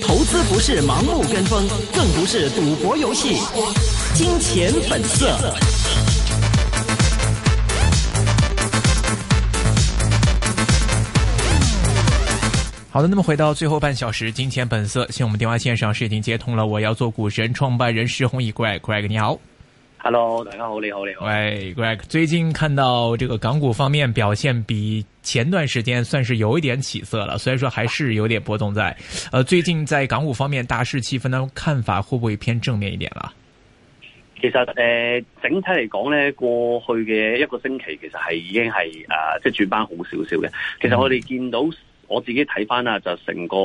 投資不是盲目跟風，更不是賭博遊戲。金錢本色。好的，那麼回到最後半小時，金錢本色。現在我們電話線上是已經接通了。我要做股神創辦人施宏毅，Craig 你好。hello，大家好，你好，你好。喂，Greg，最近看到這個港股方面表現比前段時間算是有一點起色了，雖然說，還是有點波動在，呃，最近在港股方面大市氣氛的看法會不會偏正面一點啦？其實、呃、整體嚟講呢，過去嘅一個星期其實係已經係、呃、即係轉返好少少嘅。其實我哋見到、嗯。我自己睇翻啦就成個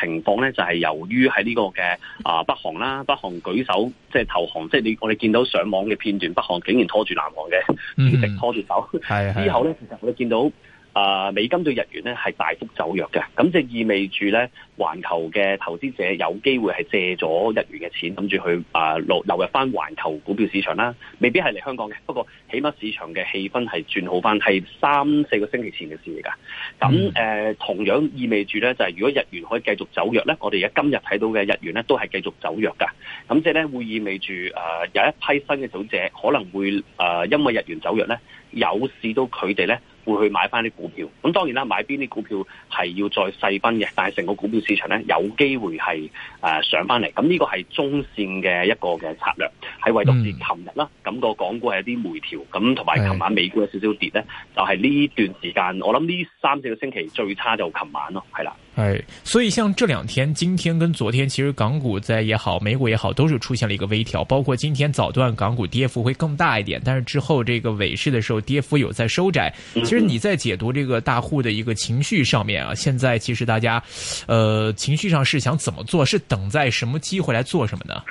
情況咧，就係由於喺呢個嘅啊北韓啦，北韓舉手即係投降，即係你我哋見到上網嘅片段，北韓竟然拖住南韓嘅一直拖住手，mm -hmm. 之後咧 其實我哋見到。啊、呃，美金對日元咧係大幅走弱嘅，咁即係意味住咧，環球嘅投資者有機會係借咗日元嘅錢，諗住去啊流、呃、流入翻環球股票市場啦，未必係嚟香港嘅，不過起碼市場嘅氣氛係轉好翻，係三四個星期前嘅事嚟㗎。咁、呃、同樣意味住咧，就係、是、如果日元可以繼續走弱咧，我哋而家今日睇到嘅日元咧都係繼續走弱㗎。咁即係咧會意味住啊、呃、有一批新嘅組者可能會啊、呃、因為日元走弱咧，有市到佢哋咧。會去買翻啲股票，咁當然啦，買邊啲股票係要再細分嘅，但係成個股票市場咧有機會係、呃、上翻嚟，咁呢個係中線嘅一個嘅策略，係唯獨係琴日啦，咁、嗯，那個港股係一啲回調，咁同埋琴晚美股有少少跌咧，就係、是、呢段時間，我諗呢三四個星期最差就琴晚咯，係啦。哎，所以像這兩天，今天跟昨天，其實港股在也好，美股也好，都是出現了一個微調。包括今天早段港股跌幅會更大一點，但是之後這個尾市的時候跌幅有在收窄。其實你在解讀這個大戶的一個情緒上面啊，現在其實大家，呃，情緒上是想怎麼做，是等在什麼機會來做什麼呢？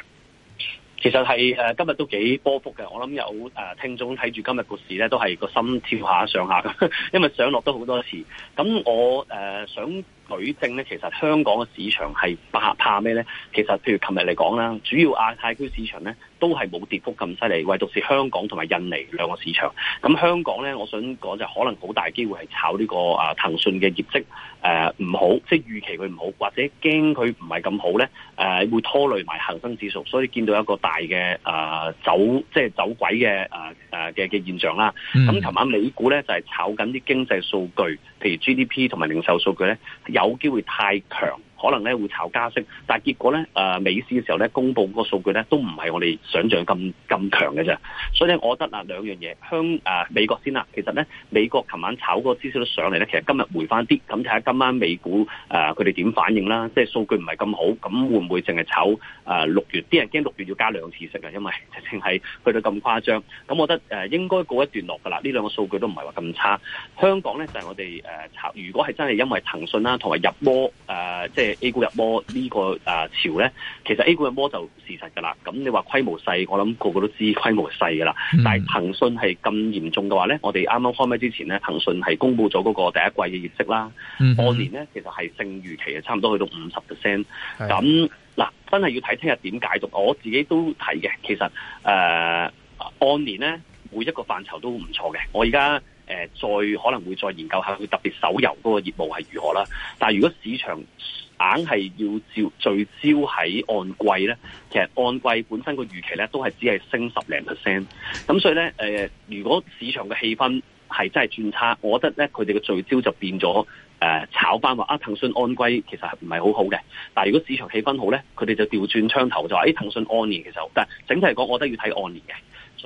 其實係、呃、今日都幾波幅嘅，我諗有、呃、聽眾睇住今日個市呢，都係個心跳下上下嘅，因為上落都好多次。咁我、呃、想。舉證咧，其實香港嘅市場係怕怕咩咧？其實，譬如琴日嚟講啦，主要亞太區市場咧都係冇跌幅咁犀利，唯獨是香港同埋印尼兩個市場。咁、嗯、香港咧，我想講就可能好大機會係炒呢、呢個啊騰訊嘅業績誒唔、啊、好，即係預期佢唔好，或者驚佢唔係咁好咧誒、啊，會拖累埋恒生指數，所以見到一個大嘅啊走即係走鬼嘅啊啊嘅嘅現象啦。咁、嗯、琴晚美股咧就係、是、炒緊啲經濟數據，譬如 GDP 同埋零售數據咧。有機會太強。可能咧會炒加息，但係結果咧，誒美市嘅時候咧，公布嗰個數據咧都唔係我哋想象咁咁強嘅啫。所以我覺得啊兩樣嘢，香誒、呃、美國先啦。其實咧美國琴晚炒嗰個指數上嚟咧，其實今日回翻啲，咁睇下今晚美股誒佢哋點反應啦。即係數據唔係咁好，咁會唔會淨係炒誒、呃、六月？啲人驚六月要加兩次息啊，因為淨係去到咁誇張。咁我覺得誒、呃、應該告一段落噶啦。呢兩個數據都唔係話咁差。香港咧就係、是、我哋誒炒，如果係真係因為騰訊啦，同埋入波誒。呃即係 A 股入魔，這個啊，呢個誒潮咧，其實 A 股入魔就事實噶啦。咁你話規模細，我諗個個都知規模細噶啦。但係騰訊係咁嚴重嘅話咧，我哋啱啱開咪之前咧，騰訊係公布咗嗰個第一季嘅業績啦，按年咧，其實係勝預期，差唔多去到五十 percent。咁嗱，真係要睇聽日點解讀。我自己都睇嘅，其實誒、呃，按年咧每一個範疇都唔錯嘅。我而家。誒、呃，再可能會再研究下佢特別手遊嗰個業務係如何啦。但係如果市場硬係要照聚焦喺按季咧，其實按季本身個預期咧都係只係升十零 percent。咁所以咧、呃，如果市場嘅氣氛係真係轉差，我覺得咧佢哋嘅聚焦就變咗、呃、炒翻話啊，騰訊按季其實係唔係好好嘅。但係如果市場氣氛好咧，佢哋就調轉槍頭就話誒、欸、騰訊按年其實好。但係整體嚟講，我覺得要睇按年嘅。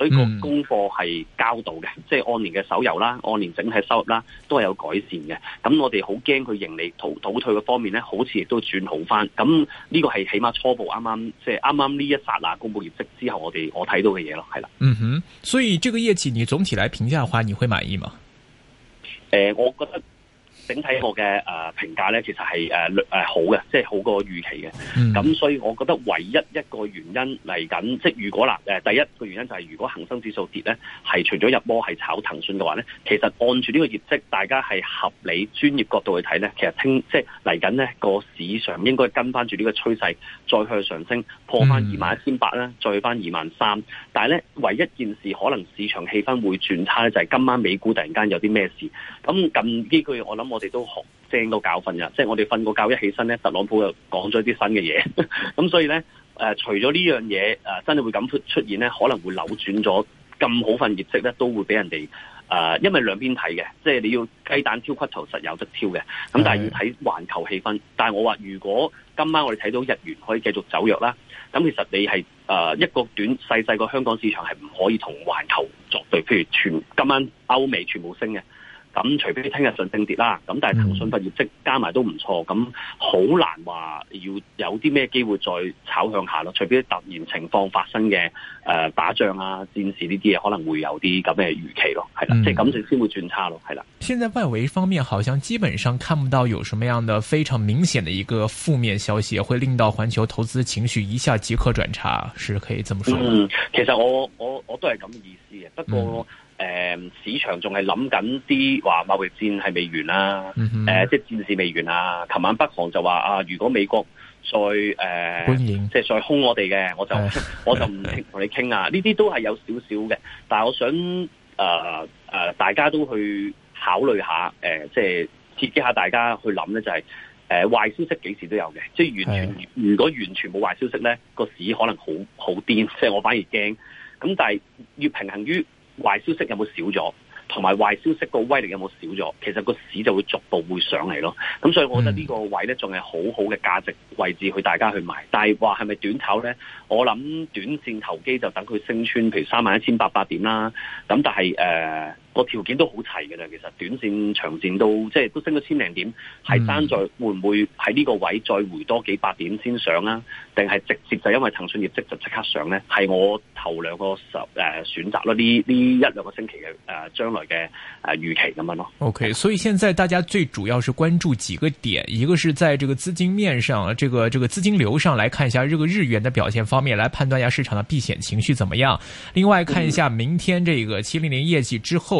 嗯、所以個功課係交到嘅，即係按年嘅手遊啦，按年整體收入啦，都係有改善嘅。咁我哋好驚佢盈利吐倒退嘅方面咧，好似亦都轉好返。咁呢個係起碼初步啱啱，即係啱啱呢一剎那公布業績之後我，我哋我睇到嘅嘢咯，係啦。嗯哼，所以呢個業績你總體嚟評價嘅話，你會滿意嗎？誒、呃，我覺得。整體我嘅誒評價咧，其實係誒誒好嘅，即係好過預期嘅。咁、嗯、所以我覺得唯一一個原因嚟緊，即係如果啦誒，第一個原因就係如果恒生指數跌咧，係除咗入波係炒騰訊嘅話咧，其實按住呢個業績，大家係合理專業角度去睇咧，其實聽即係嚟緊咧個市場應該跟翻住呢個趨勢。再去上升，破翻二萬一千八咧，再去翻二萬三。但係咧，唯一,一件事可能市場氣氛會轉差咧，就係、是、今晚美股突然間有啲咩事。咁近呢句，我諗我哋都學精都教訓㗎，即係我哋瞓個覺一起身咧，特朗普又講咗啲新嘅嘢。咁所以咧，誒、呃、除咗呢、呃、樣嘢誒真係會咁出出現咧，可能會扭轉咗咁好份業績咧，都會俾人哋。誒、uh，因為兩邊睇嘅，即係你要雞蛋挑骨頭，實有得挑嘅。咁但係要睇環球氣氛。是但係我話，如果今晚我哋睇到日元可以繼續走弱啦，咁其實你係誒一個短細細個香港市場係唔可以同環球作對。譬如全今晚歐美全部升嘅。咁除非聽日上升跌啦，咁但係騰訊份業績加埋都唔錯，咁好難話要有啲咩機會再炒向下咯。除非突然情況發生嘅誒、呃、打仗啊、戰事呢啲嘢，可能會有啲咁嘅預期咯，係啦，即係咁先先會轉差咯，係啦。現在外圍方面，好像基本上看不到有什麼樣的非常明顯的一個負面消息，會令到環球投資情緒一下即刻轉差，是可以這麼說。嗯，其實我我我都係咁嘅意思嘅，不過。嗯誒、嗯、市場仲係諗緊啲話貿易戰係未完啦、啊，即、嗯、係、呃、戰事未完啊！琴晚北韓就話啊，如果美國再誒、呃，即係再兇我哋嘅，我就 我就唔不同 你傾啊！呢啲都係有少少嘅，但係我想誒、呃呃、大家都去考慮下，呃、即係刺激下大家去諗咧，就係、是呃、壞消息幾時都有嘅，即係完全 如果完全冇壞消息咧，個市可能好好癲，即係我反而驚。咁但係要平衡於。壞消息有冇少咗？同埋壞消息個威力有冇少咗？其實個市就會逐步會上嚟咯。咁所以我覺得呢個位咧仲係好好嘅價值位置，去大家去買。但係話係咪短炒咧？我諗短綫投機就等佢升穿，譬如三萬一千八百點啦。咁但係誒。呃個條件都好齊嘅啦，其實短線、長線都即係都升咗千零點，係、嗯、單在會唔會喺呢個位再回多幾百點先上啊？定係直接就因為騰訊業績就即刻上呢？係我頭兩個十誒選擇咯，呢呢一兩個星期嘅誒將來嘅誒預期咁樣咯。O、okay, K，所以現在大家最主要是關注幾個點，一個是在這個資金面上，這個這個資金流上來看一下，這個日元嘅表現方面，來判斷一下市場的避險情緒怎麼樣。另外看一下明天這個七零零業績之後。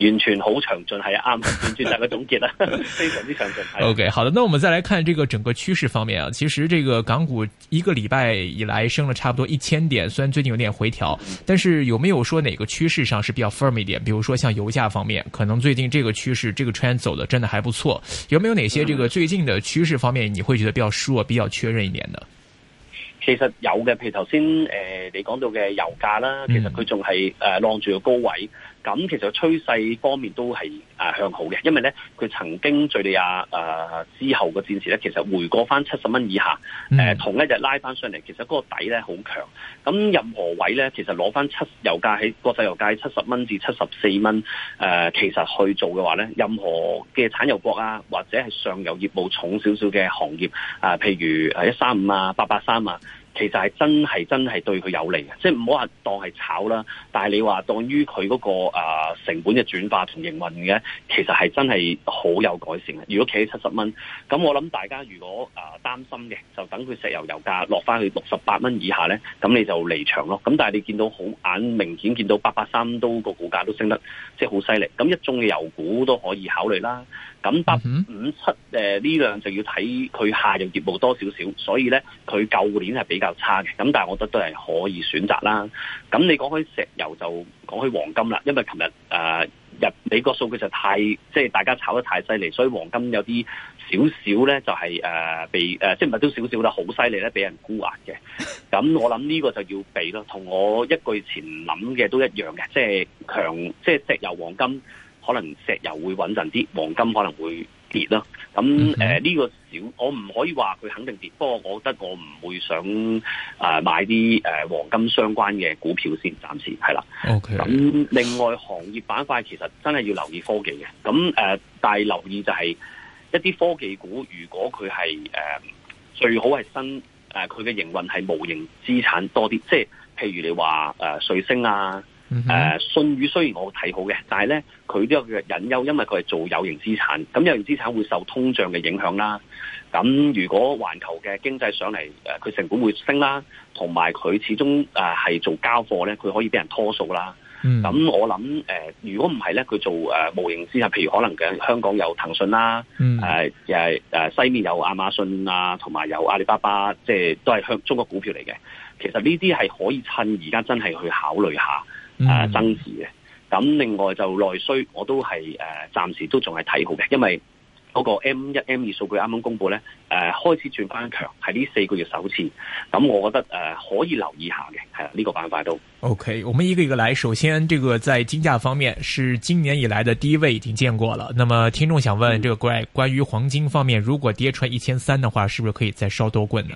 完全好詳盡係啱，完全大家總結啦，嗯、 非常之詳盡。啊、o、okay, K，好的，那我們再來看這個整個趨勢方面啊。其實，這個港股一個禮拜以來升了差不多一千點，雖然最近有點回調，但是有沒有說哪個趨勢上是比較 firm 一點？比如說，像油價方面，可能最近這個趨勢，這個 trend 走的真的還不錯。有沒有哪些這個最近的趨勢方面，你會覺得比較弱、比較確認一點的？其實有的，譬如頭先誒你講到的油價啦，其實佢仲係誒晾住個高位。咁其實個趨勢方面都係向好嘅，因為咧佢曾經敍利亞啊、呃、之後嘅戰事咧，其實回過翻七十蚊以下，呃、同一日拉翻上嚟，其實嗰個底咧好強。咁任何位咧，其實攞翻七油價喺國際油價七十蚊至七十四蚊誒，其實去做嘅話咧，任何嘅產油國啊，或者係上游業務重少少嘅行業啊、呃，譬如一三五啊、八八三啊。其實係真係真係對佢有利嘅，即係唔好話當係炒啦。但係你話當於佢嗰個誒成本嘅轉化同營運嘅，其實係真係好有改善嘅。如果企喺七十蚊，咁我諗大家如果誒擔心嘅，就等佢石油油價落返去六十八蚊以下呢，咁你就離場咯。咁但係你見到好眼明顯見到八八三都個股價都升得即係好犀利，咁、就是、一眾嘅油股都可以考慮啦。咁八五五七呢兩就要睇佢下游業務多少少，所以咧佢舊年係比較差嘅。咁但係我覺得都係可以選擇啦。咁你講開石油就講起黃金啦，因為琴日日美國數據就太即係大家炒得太犀利，所以黃金有啲少少咧就係、是呃、被即係唔係都少少啦，好犀利咧俾人沽壓嘅。咁我諗呢個就要避咯，同我一個月前諗嘅都一樣嘅，即係強即係石油黃金。可能石油會穩陣啲，黃金可能會跌啦。咁誒，呢、嗯呃這個少，我唔可以話佢肯定跌，不過我覺得我唔會想誒、呃、買啲誒、呃、黃金相關嘅股票先，暫時係啦。咁、okay. 另外行業板塊其實真係要留意科技嘅。咁誒，但係、呃、留意就係、是、一啲科技股，如果佢係誒最好係新誒，佢嘅營運係無形資產多啲，即係譬如你話誒、呃、瑞星啊。誒、uh -huh. 啊、信譽雖然我睇好嘅，但係咧佢都有個隱憂，因為佢係做有形資產，咁有形資產會受通脹嘅影響啦。咁如果環球嘅經濟上嚟，誒、呃、佢成本會升啦，同埋佢始終誒係、呃、做交貨咧，佢可以俾人拖數啦。咁、uh -huh. 我諗誒、呃，如果唔係咧，佢做誒無形資產，譬、呃、如可能嘅香港有騰訊啦，誒誒誒西面有亞馬遜啊，同埋有，有阿里巴巴，即係都係向中國股票嚟嘅。其實呢啲係可以趁而家真係去考慮一下。誒、嗯呃，增持嘅。咁、嗯、另外就內需，我都係誒、呃，暫時都仲係睇好嘅。因為嗰個 M 一 M 二數據啱啱公布咧，誒、呃、開始轉翻強，係呢四個月首次。咁、嗯、我覺得誒、呃、可以留意下嘅，係啦呢個板塊都。OK，我們一個一個嚟。首先，這個在金價方面是今年以來的低位已經見過了。那麼聽眾想問，嗯、這個關關於黃金方面，如果跌穿一千三的話，是不是可以再收多棍呢？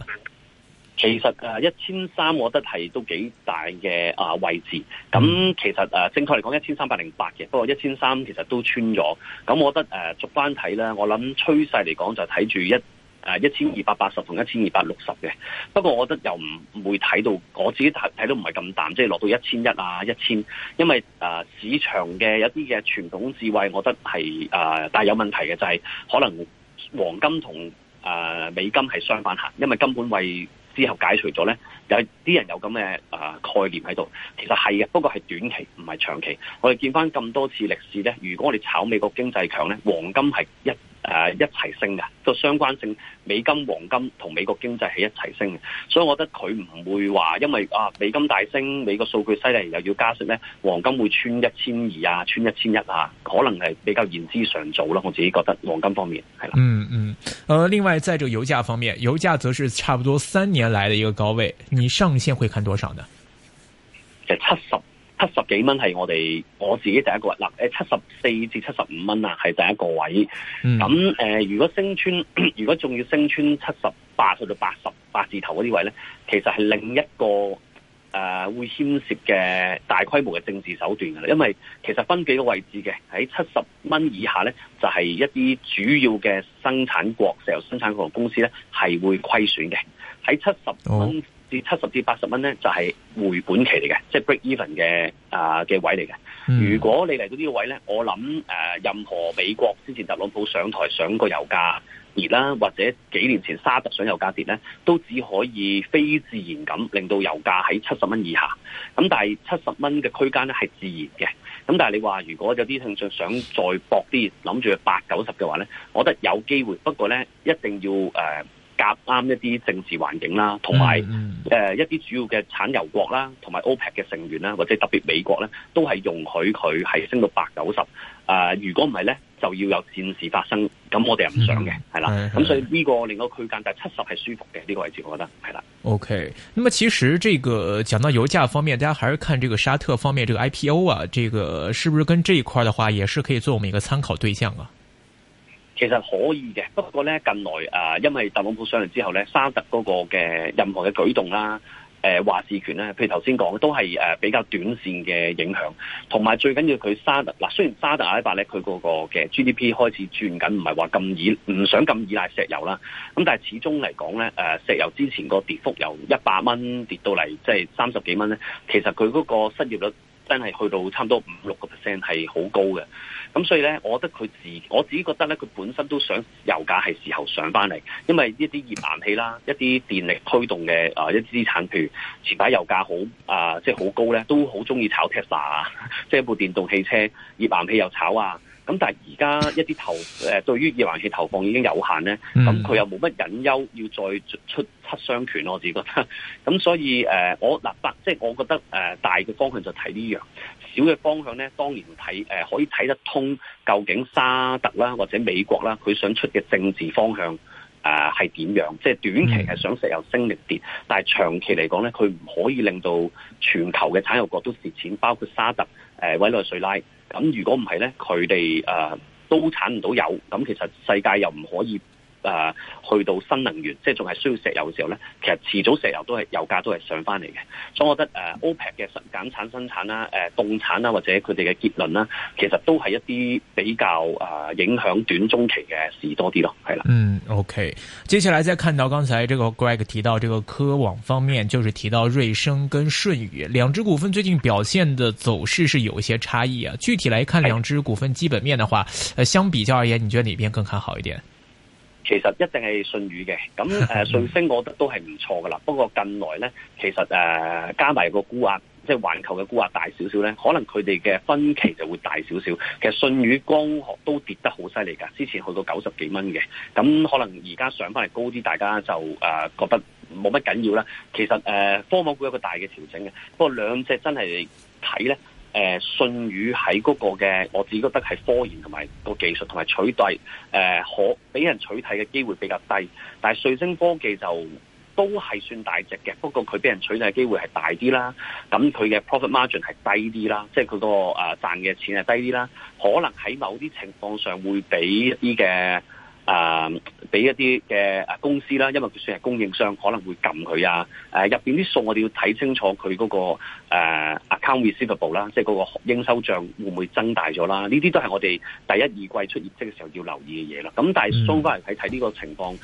其實誒一千三，我覺得係都幾大嘅啊位置。咁其實誒、啊、正確嚟講，一千三百零八嘅，不過一千三其實都穿咗。咁我覺得誒逐番睇啦，我諗趨勢嚟講就睇住一誒一千二百八十同一千二百六十嘅。不過我覺得又唔會睇到，我自己睇睇到唔係咁淡，即係、就是、落到一千一啊一千。1, 000, 因為誒、啊、市場嘅一啲嘅傳統智慧，我覺得係誒、啊、但係有問題嘅，就係、是、可能黃金同誒、啊、美金係相反行，因為根本為之後解除咗呢，有啲人有咁嘅啊概念喺度，其實係嘅，不過係短期，唔係長期。我哋見翻咁多次歷史呢，如果我哋炒美國經濟強呢，黃金係一誒、呃，一齊升嘅個相關性，美金、黃金同美國經濟係一齊升嘅，所以我覺得佢唔會話因為啊美金大升，美國數據犀利又要加息咧，黃金會穿一千二啊，穿一千一啊，可能係比較言之尚早咯。我自己覺得黃金方面係啦。嗯嗯，誒、呃，另外在這個油價方面，油價則是差不多三年來的一個高位，你上限會看多少呢？就、嗯嗯嗯嗯呃嗯、七十。七十幾蚊係我哋我自己第一個位，嗱誒，七十四至七十五蚊啊，係第一個位。咁、嗯呃、如果升穿，如果仲要升穿七十八到八十八字頭嗰啲位咧，其實係另一個、呃、會牽涉嘅大規模嘅政治手段啊。因為其實分幾個位置嘅，喺七十蚊以下咧，就係、是、一啲主要嘅生產國石油生產國嘅公司咧，係會虧損嘅。喺七十蚊、哦。至七十至八十蚊咧，就係、是、回本期嚟嘅，即、就、係、是、break even 嘅啊嘅位嚟嘅。如果你嚟到呢個位咧，我諗誒、呃，任何美國之前特朗普上台上過油價跌啦，或者幾年前沙特上油價跌咧，都只可以非自然咁令到油價喺七十蚊以下。咁但係七十蚊嘅區間咧，係自然嘅。咁但係你話如果有啲興趣想再搏啲，諗住去八九十嘅話咧，我覺得有機會。不過咧，一定要誒。呃夾啱一啲政治環境啦，同埋誒一啲主要嘅產油國啦，同埋 OPEC 嘅成員啦，或者特別美國咧，都係容許佢係升到百九十。誒，如果唔係咧，就要有戰事發生，咁我哋又唔想嘅，係、嗯、啦。咁、嗯、所以呢個令個區間，但係七十係舒服嘅呢、這個位置，我覺得係啦。OK，咁麼其實這個講到油價方面，大家還是看這個沙特方面這個 IPO 啊，這個是不是跟這一塊的話，也是可以做我們一個參考對象啊？其實可以嘅，不過咧近來啊，因為特朗普上嚟之後咧，沙特嗰個嘅任何嘅舉動啦、啊，誒話事權咧、啊，譬如頭先講都係誒、啊、比較短線嘅影響，同埋最緊要佢沙特嗱、啊，雖然沙特阿拉伯咧佢嗰個嘅 GDP 開始轉緊，唔係話咁依，唔想咁依賴石油啦。咁、啊、但係始終嚟講咧，誒、啊、石油之前個跌幅由一百蚊跌到嚟即係三十幾蚊咧，其實佢嗰個失業率真係去到差唔多五六個 percent 係好高嘅。咁所以咧，我覺得佢自我自己覺得咧，佢本身都想油價係時候上翻嚟，因為一啲頁岩氣啦，一啲電力推動嘅啊、呃、一啲資產譬如前排油價好、呃、啊，即係好高咧，都好中意炒 Tesla 啊，即、就、係、是、一部電動汽車，頁岩氣又炒啊。咁、嗯、但係而家一啲投誒、呃、對於頁岩氣投放已經有限咧，咁、嗯、佢、嗯、又冇乜隱憂要再出，出七雙拳咯、嗯呃呃。我自己覺得，咁所以誒，我嗱白，即係我覺得誒大嘅方向就睇呢樣。少嘅方向咧，當然睇誒可以睇得通，究竟沙特啦或者美國啦，佢想出嘅政治方向啊係點樣？即係短期係想石油升力跌，但係長期嚟講咧，佢唔可以令到全球嘅產油國都蝕錢，包括沙特誒呃、委內瑞拉。咁如果唔係咧，佢哋誒都產唔到油，咁其實世界又唔可以。誒、啊，去到新能源，即係仲係需要石油嘅時候咧，其實遲早石油都係油價都係上翻嚟嘅，所以我覺得誒、呃、，OPEC 嘅減產、生產啦、啊，誒、呃、凍產啦、啊，或者佢哋嘅結論啦、啊，其實都係一啲比較誒、啊、影響短中期嘅事多啲咯，係啦。嗯，OK。接下來再看到剛才這個 Greg 提到這個科網方面，就是提到瑞聲跟舜宇兩隻股份最近表現嘅走勢是有一些差異啊。具體來看兩隻股份基本面的話，誒、呃、相比較而言，你覺得哪邊更看好一點？其實一定係舜宇嘅，咁誒、呃、信星我覺得都係唔錯噶啦。不過近來呢，其實誒、呃、加埋個估壓，即係環球嘅估壓大少少呢，可能佢哋嘅分歧就會大少少。其實舜宇光學都跌得好犀利噶，之前去到九十幾蚊嘅，咁可能而家上翻嚟高啲，大家就誒、呃、覺得冇乜緊要啦。其實誒、呃、科網股有個大嘅調整嘅，不過兩隻真係睇呢。誒信譽喺嗰個嘅，我自己覺得係科研同埋個技術同埋取替誒、呃，可俾人取替嘅機會比較低。但係瑞聲科技就都係算大隻嘅，不過佢俾人取替嘅機會係大啲啦。咁佢嘅 profit margin 係低啲啦，即係佢個誒賺嘅錢係低啲啦。可能喺某啲情況上會俾啲嘅。啊、嗯！俾一啲嘅公司啦，因為佢算係供應商，可能會撳佢啊！誒，入邊啲數我哋要睇清楚佢嗰、那個、啊、account receivable 啦，即係嗰個應收帳會唔會增大咗啦？呢啲都係我哋第一二季出業績嘅時候要留意嘅嘢啦。咁、啊、但係收翻嚟睇睇呢個情況，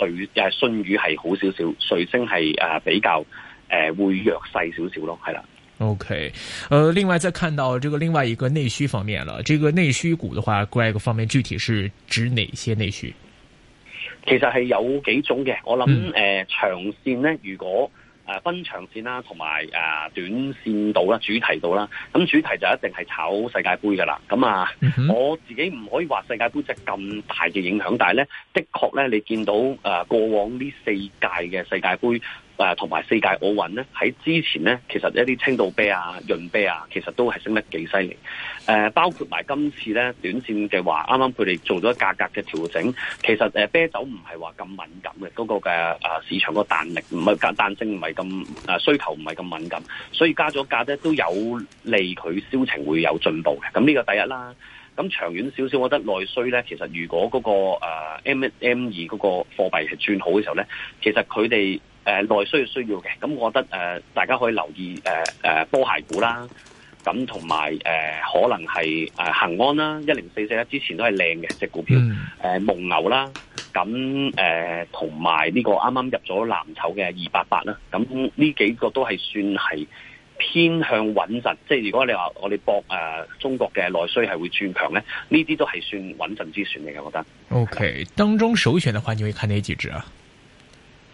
瑞又係信譽係好少少，瑞星係啊比較誒、啊、會弱勢少少咯，係啦。OK，呃，另外再看到這個另外一個內需方面啦，這個內需股的話，另外一個方面具體是指哪些內需？其實係有幾種嘅，我諗誒、嗯呃、長線咧，如果誒、呃、分長線啦，同埋誒短線度啦，主題度啦，咁主題就一定係炒世界盃噶啦。咁啊、嗯，我自己唔可以話世界盃只咁大嘅影響，但係咧的確咧，你見到誒、呃、過往呢四屆嘅世界盃。誒同埋世界奧運咧，喺之前咧，其實一啲青島啤啊、潤啤啊，其實都係升得幾犀利。誒、啊、包括埋今次咧，短線嘅話，啱啱佢哋做咗價格嘅調整，其實、啊、啤酒唔係話咁敏感嘅嗰、嗰個嘅、啊、市場個彈力，唔係彈性唔係咁需求唔係咁敏感，所以加咗價咧都有利佢銷情會有進步嘅。咁呢個第一啦。咁長遠少少，我覺得內需咧，其實如果嗰、嗰個 M2 嗰個貨幣係轉好嘅時候咧，其實佢哋。誒、呃，內需需要嘅，咁我覺得誒、呃，大家可以留意誒誒、呃、波鞋股啦，咁同埋誒可能係誒恒安啦，一零四四啦，之前都係靚嘅隻股票，誒、嗯呃、蒙牛啦，咁誒同埋呢個啱啱入咗藍籌嘅二八八啦，咁呢幾個都係算係偏向穩陣，即、就、係、是、如果你話我哋博誒、呃、中國嘅內需係會轉強咧，呢啲都係算穩陣之選嚟嘅，我覺得。O、okay, K，、嗯、當中首選嘅話，你會看呢幾隻啊？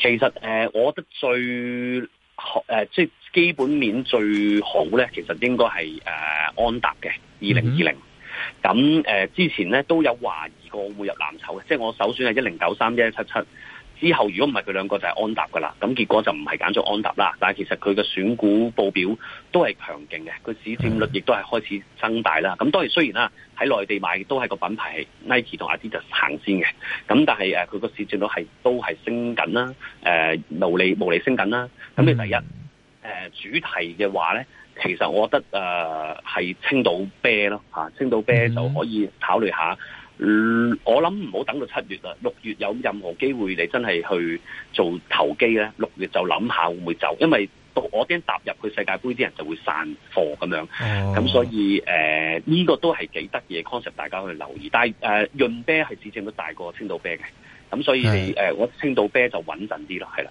其實誒、呃，我覺得最好誒，即、呃、係基本面最好咧，其實應該係誒安踏嘅二零二零。咁誒、mm -hmm. 呃，之前咧都有懷疑過會入藍籌嘅，即係我首選係一零九三一一七七。之後如果唔係佢兩個就係安踏噶啦，咁結果就唔係揀咗安踏啦，但係其實佢嘅選股報表都係強勁嘅，佢市占率亦都係開始增大啦。咁當然雖然啦、啊、喺內地買都係個品牌 Nike 同 Adidas 行先嘅，咁但係誒佢個市占率係都係升緊啦，誒毛利毛利升緊啦。咁你第一誒、呃、主題嘅話咧,其實我覺得誒係、呃、青島啤咯吓、啊，青島啤就可以考慮一下。嗯，我諗唔好等到七月啦。六月有任何機會，你真係去做投機咧，六月就諗下會唔會走，因為到我驚踏入去世界杯啲人就會散貨咁樣。咁、哦、所以誒，呢、呃這個都係幾得意嘅 concept，大家去留意。但係、呃、潤啤係指正都大過青島啤嘅，咁所以你誒，我青、呃、島啤就穩陣啲咯，係啦。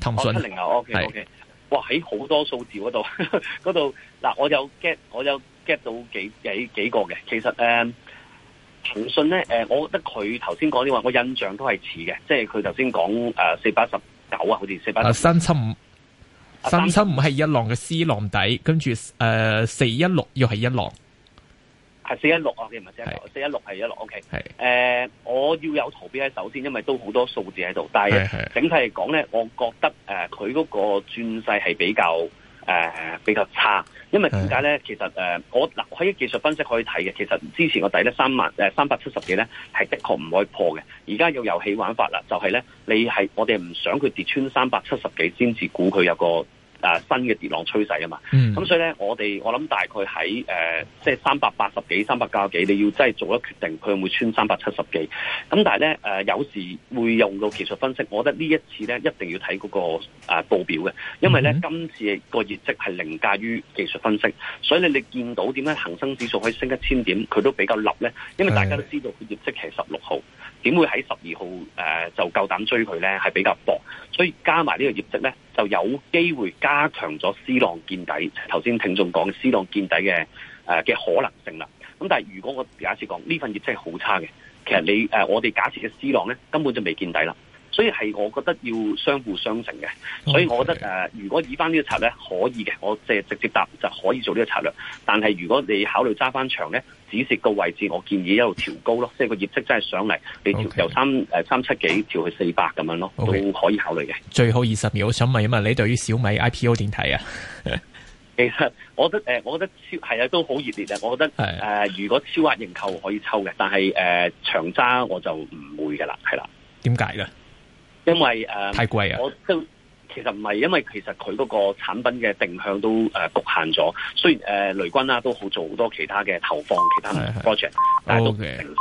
騰訊七零啊，OK OK，哇喺好多數字嗰度度嗱，我有 get 我有 get 到幾幾幾個嘅，其實誒騰訊咧誒，我覺得佢頭先講啲話，我印象都係似嘅，即係佢頭先講誒四八十九啊，好似四八十九三七五三七五係一浪嘅 C 浪底，跟住誒四一六又係一浪。係四一六啊，你唔係四一六，四一六係一六。O K，誒，我要有圖表咧，首先，因為都好多數字喺度，但係整體嚟講咧，我覺得誒佢嗰個轉勢係比較誒、呃、比較差，因為點解咧？其實誒、呃，我嗱喺、呃、技術分析可以睇嘅，其實之前我睇咧三萬誒三百七十幾咧，係的確唔可以破嘅。而家用遊戲玩法啦，就係、是、咧，你係我哋唔想佢跌穿三百七十幾先至估佢有個。啊，新嘅跌浪趨勢啊嘛，咁、嗯、所以咧，我哋我諗大概喺誒，即係三百八十幾、三百九幾，你要真係做一決定有有，佢會唔會穿三百七十幾？咁但係咧，誒、呃、有時會用到技術分析，我覺得呢一次咧一定要睇嗰、那個啊、呃、報表嘅，因為咧、嗯、今次個業績係凌駕於技術分析，所以你哋見到點解恆生指數可以升一千點，佢都比較立咧，因為大家都知道佢業績係十六號，點會喺十二號誒、呃、就夠膽追佢咧，係比較薄，所以加埋呢個業績咧就有機會加加強咗 C 浪見底，頭先聽眾講 C 浪見底嘅誒嘅可能性啦。咁但係如果我假設講呢份業績真係好差嘅，其、嗯、實你誒，我哋假設嘅 C 浪咧根本就未見底啦。所以係我覺得要相輔相成嘅，okay. 所以我覺得誒、呃，如果以翻呢個策略可以嘅，我即係直接答就可以做呢個策略。但係如果你考慮揸翻長咧，止蝕個位置，我建議一路調高咯，即係個業績真係上嚟，你調由三誒三七幾調去四百咁樣咯，okay. 都可以考慮嘅。Okay. 最好二十秒我想問一問，你對於小米 IPO 點睇啊？ 其實我覺得誒、呃，我覺得超係啊，都好熱烈啊。我覺得誒、呃，如果超額認購可以抽嘅，但係誒、呃、長揸我就唔會噶啦，係啦，點解嘅？因為誒、呃、太貴啊！我都其實唔係，因為其實佢個產品嘅定向都誒、呃、局限咗。雖然誒、呃、雷軍啦、啊、都好做好多其他嘅投放其他 project，但係都唔成事。Okay.